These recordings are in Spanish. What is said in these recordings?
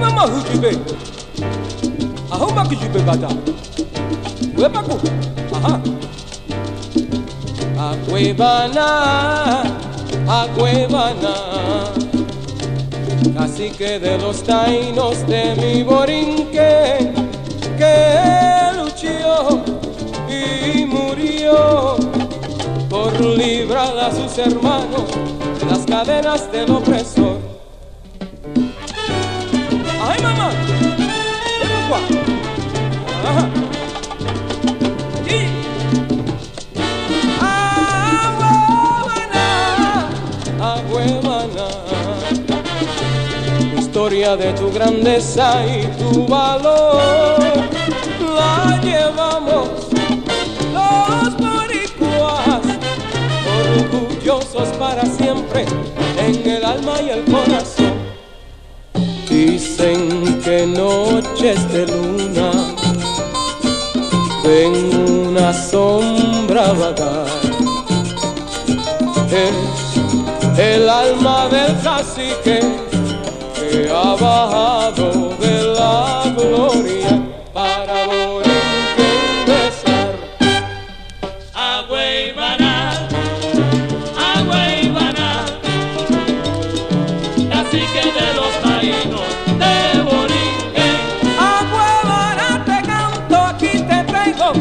Mamá mamá hu jibe ma ku bata we ma ku aha bana de los taínos de mi borinque que luchó y murió por librar a sus hermanos de las cadenas del opresor de tu grandeza y tu valor la llevamos los maricuas orgullosos para siempre en el alma y el corazón. Dicen que noches de luna ven una sombra vagar. Es el alma del cacique que ha bajado de la gloria para volver a empezar. Agua y así que de los taínos de Borinque. Agua y te canto, aquí te traigo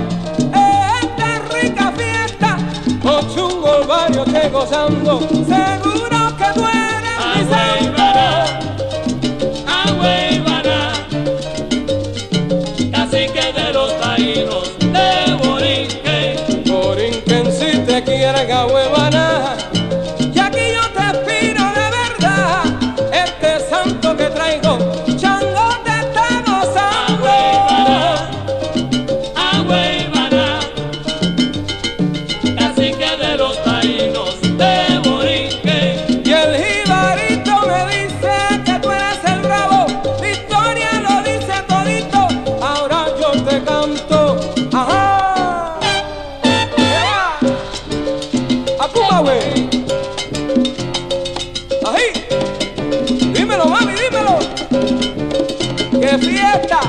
esta rica fiesta, con chungo varios te gozando, güey! Ahí. Dímelo, mami, dímelo. ¡Qué fiesta!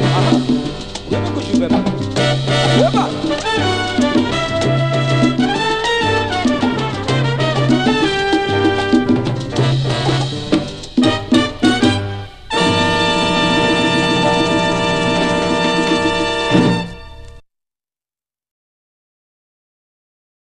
Aha. Ja mam kościół